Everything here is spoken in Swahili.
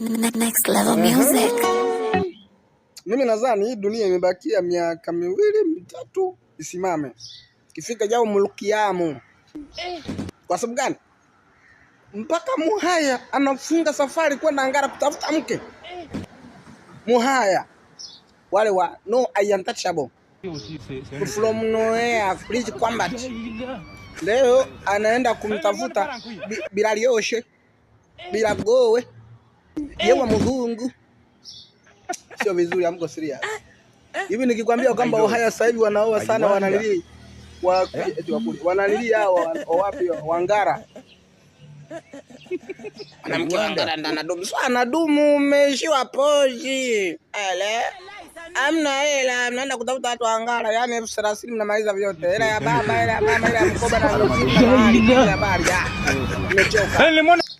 Next level music. Uh-huh. Mimi nadhani hii dunia imebakia miaka miwili mitatu isimame, kifika jao mulukiamu. Kwa sababu gani? Mpaka muhaya anafunga safari kwenda Ngara kutafuta mke. Muhaya wale wa no untouchable from nowhere bridge combat leo anaenda kumtafuta bila lioshe bila gowe yewe mzungu sio vizuri, amko siria hivi. Nikikwambia kwamba Ohaya sasa hivi wanaoa sana, wanalili wa eh? Eh, eti wakuli wanalili hao wapi, wangara mwanamke wangara ndo anadumu sio, anadumu umeishiwa pozi ele Amna hela, mnaenda kutafuta watu wangara, yani elfu thelathini mnamaliza vyote, hela ya baba, hela ya mama, hela ya mkoba na Ya ah, ya. Nimechoka.